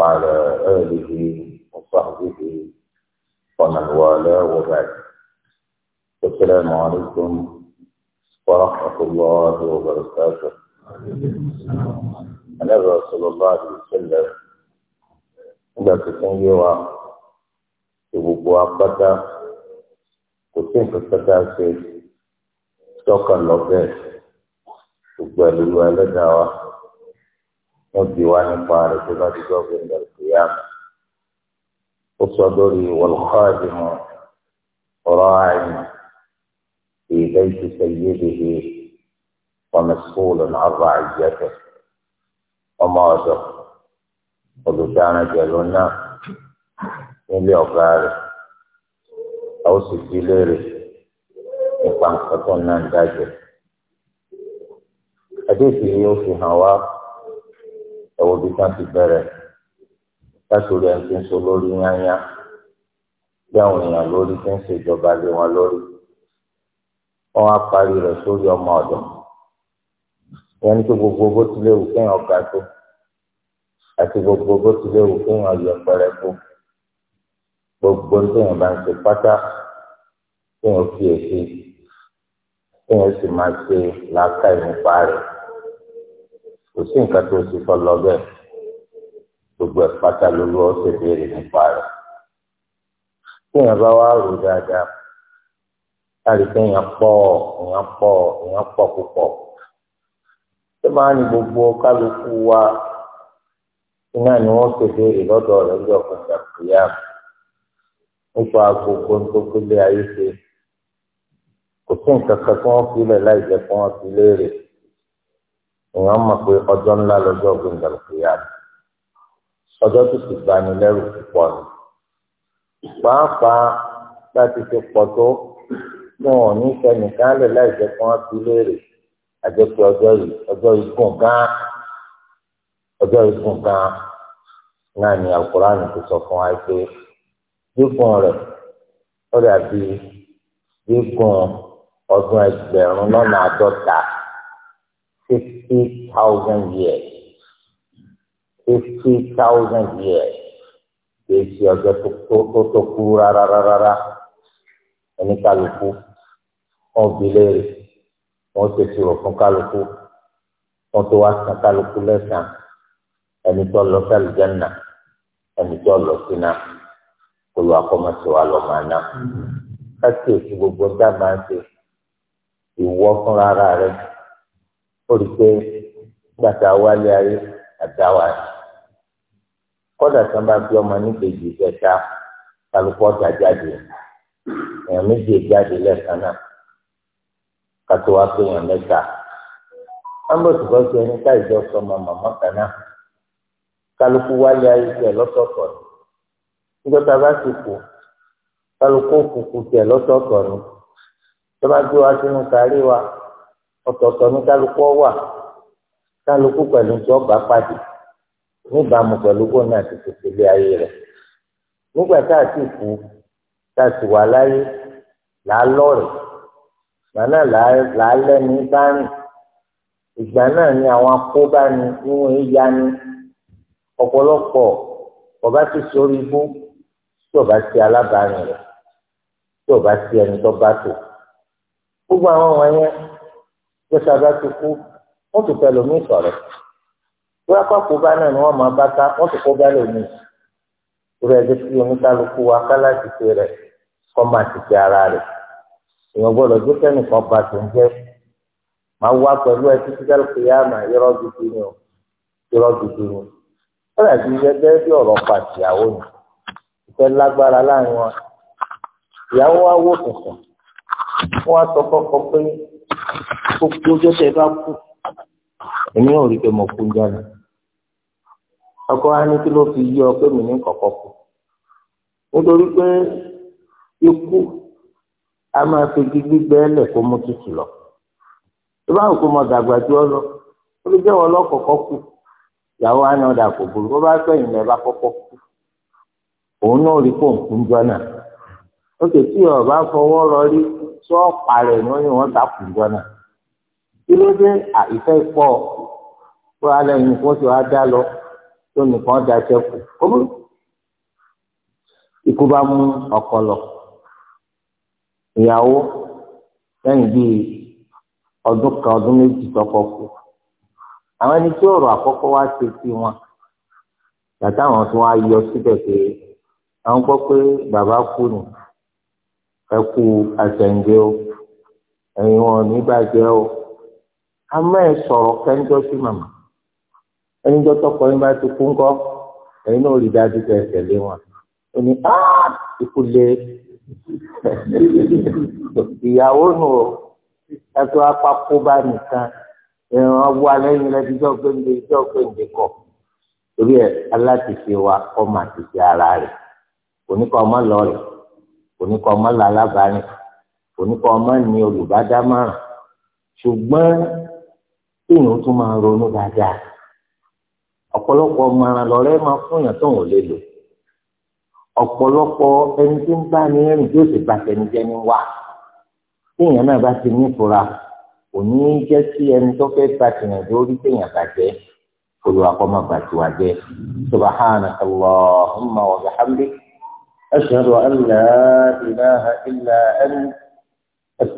وعلى آله وصحبه ومن والاه وبعد السلام عليكم ورحمة الله وبركاته الله صلى الله عليه وسلم nígbà tó ti ń yé wa ìgbogbo apáta kò sí nǹkan ṣe lọ bẹ́ẹ̀ gbogbo ẹlẹ́dàá wa. وفي وان قال تبارك الله عند القيامة الصدري والخادم راع في بيت سيده ومسؤول عن رعيته وماذا olùdáná jẹló náà nílé ọ̀gá rẹ̀ a ó sì bí léèrè nípa nǹkan tó ń náà ń dájẹ́. Adéfì yìí ó fi hàn wá ẹ̀wọ́ bí wọ́n ti bẹ̀rẹ̀ látòrí ẹni tí ń so lórí yányá bí àwọn èèyàn lórí tí ń ṣèjọba lé wọn lórí wọ́n á parí rẹ̀ sórí ọmọ ọ̀dọ̀ ìyẹn ní kí gbogbo bó ti léwu kéèyàn ga tó àti gbogbo bó ti léwu kéèyàn yẹ pẹrẹ tó gbogbo téèyàn bá ń ṣe pátá kéèyàn kíyèsí kéèyàn sì máa ṣe làákàyè nípa rẹ̀ kò sí nǹkan tó ti fọ lọ bẹ́ẹ̀ gbogbo ẹ̀ pátá ló lọ́ ṣe béèrè nípa rẹ̀ téèyàn bá wá rò dáadáa láti téèyàn pọ̀ èèyàn pọ̀ èèyàn pọ̀ púpọ̀ tó bá ní gbogbo kálukú wa iná ni wọ́n ṣe béèrè lọ́dọ̀ rẹ̀ ní ọ̀pọ̀lọpọ̀ ìyá nípa gbogbo tó ayé ṣe kò sí nǹkan kan tí wọ́n fi lẹ̀ láì jẹ́ kí wọ́n fi léèrè èèyàn mọ̀ pé ọjọ́ ńlá lọ́jọ́ gbẹ̀ngàn kìíyà ọjọ́ tó sì gbani lẹ́rù púpọ̀ ni pàápàá láti fi pọ̀ tó fún wọn ní sẹ́nìkan lè láì jẹ́ kí wọ́n fi léèrè àjẹpẹ́ ọjọ́ yìí ọjọ́ igun gan-an ọjọ́ igun gan-an náà ni àkùránì ti sọ fún wa pé gígùn rẹ̀ ó dàbí gígùn ọdún ẹgbẹ̀rún lọ́nà àádọ́ta. Fifty thousand years. Fifty thousand years. Èsì ọjọ́ tó tó kúrú rárá rárá ẹni kálukú wọn bí léèrè wọn ṣe ṣòro fún kálukú wọn tó wá san kálukú lẹ́sàn ẹni tó lọ sí àlùjánnà ẹni tó lọ sí náà olú akọ́mọ̀sọ wa lọ máa ná. Káṣíyèsí gbogbo dábàá ṣe ìwọ fúnra rẹ̀ ó rí i pé nígbà tá a wálé ayé àdáwà rẹ̀ kọ́dà tí wọ́n bá bí ọmọ nígbèjì ìjẹta kálukú ọ̀tà jáde èèyàn méjì jáde lẹ́ẹ̀kan náà kátó wá pé èèyàn mẹ́ta ambos bọ́ sí ẹni ká ìjọ sọmọ màmá kan náà kálukú wálé ayé tiẹ̀ lọ́tọ̀ọ̀tọ̀ ni nígbàtà bá ti kú kálukú òkùnkùn tiẹ̀ lọ́tọ̀ọ̀tọ̀ ni tó bá gbé sínú kárí wa ọ̀tọ̀ọ̀tọ̀ ní kálukú wà kálukú pẹ̀lú tí ọba pàdé níbàámu pẹ̀lú gómìnà àti tòṣèlú ayé rẹ̀ nígbà tá a sì kú tá a sì wà láyé là á lọ́rẹ̀ gbàná là á lẹ́ni bá ìgbà náà ni àwọn akóbáni níwọ̀n ìyá ni ọ̀pọ̀lọpọ̀ ọba ti sórí ibú tí ọba ti alábàárìn rẹ̀ tí ọba ti ẹni tó bá tò gbogbo àwọn wọ̀nyẹn gbèsè abá ti kú wọ́n ti fẹ́ lómi sọ̀rọ̀ wíwá pàpọ̀ bá náà ni wọ́n máa bá ká wọ́n ti kó bá lómi rẹ̀ jẹ́ kí oníkálukú wa kálá ti ṣe rẹ̀ kọ́ máa ti ṣe ara rẹ̀ èèyàn gbọ́dọ̀ gbé kẹ́nìkan bá tó ń jẹ́ máa wá pẹ̀lú ẹ títí kálukú yá máa yọrọ gidi ni o yọrọ gidi ni ó rẹ̀ ti yẹ gẹ́gẹ́ bí ọ̀rọ̀ pàṣẹwó ni ìfẹ́ lágbára láàrin wọn ìyàwó wa wò tuntun wọ́n sọ kọ́kọ́ pé gbogbo ọjọ́ tẹ bá kú èmi ò rí pé mo kú jọ náà ọkọ wa ní kí ló fi yí ọ pé mi ní kọ̀kọ́ kù nítorí pé ikú a máa fi gbígbé ẹlẹ̀ kó mú tutù lọ tó bá òkú mọ dàgbà tí ọ lọ ó lè jẹ́ wọn lọ́kọ̀ọ́kọ́ kù ìyàwó wa kò burú bó bá sẹ́yìn lẹ́ bá kọ́kọ́ kù òun náà rí kó nkú jọ náà ó sì tí ọba fọwọ́ rọrí tí rẹ̀ ni wọ́n ní wọ́n ta kù jọ kí ló dé àìfẹ́ pọ̀ kó alẹ́ nìkan ti wá dá lọ tó nìkan da sẹ́kù kóbó ikú bá mú ọkọ lọ ìyàwó lẹ́yìn bíi ọdún kan ọdún méjì tọkọ kù àwọn ẹni tí ọ̀rọ̀ àkọ́kọ́ wá ṣe sí wọn yàtọ̀ àwọn tí wọ́n á yọ síbẹ̀ pé àwọn gbọ́ pé bàbá kú ni ẹ kú àtẹ̀ǹdé o ẹ̀yin wọn ò ní bàjẹ́ o àmọ́ ẹ sọ̀rọ̀ kẹńjọ sí màmá ẹnìjọ tọkọ yín bá ti kú ńkọ ẹ̀yin náà rí dájú pé ẹ tẹ̀lé wọn ó ní ah, ikú lé ìyàwó nù ó ẹtọ apapọ bá nìkan ìran wà lẹ́yìn lẹbíjọ gbẹndé ìjọ gbẹndé kọ torí ẹ aláṣẹṣe wa ọmọ àṣẹṣe ara rẹ oníkọ ọmọ lọrẹ oníkọ ọmọ làlábàárẹ oníkọ ọmọ ní olùbádámọ̀ràn ṣùgbọ́n kéèyàn tún máa ronú dáadáa ọ̀pọ̀lọpọ̀ ọmọràn lọ́rẹ́ máa fún yàn tó wọn lè lò ọ̀pọ̀lọpọ̀ ẹni tí ń bá ní ẹni tí ó sì bá tẹni jẹ́ ní wà náà bá ti nífura kò ní í jẹ́ ẹni tó fẹ́ bá allahumma wa ashhadu an la ilaha illa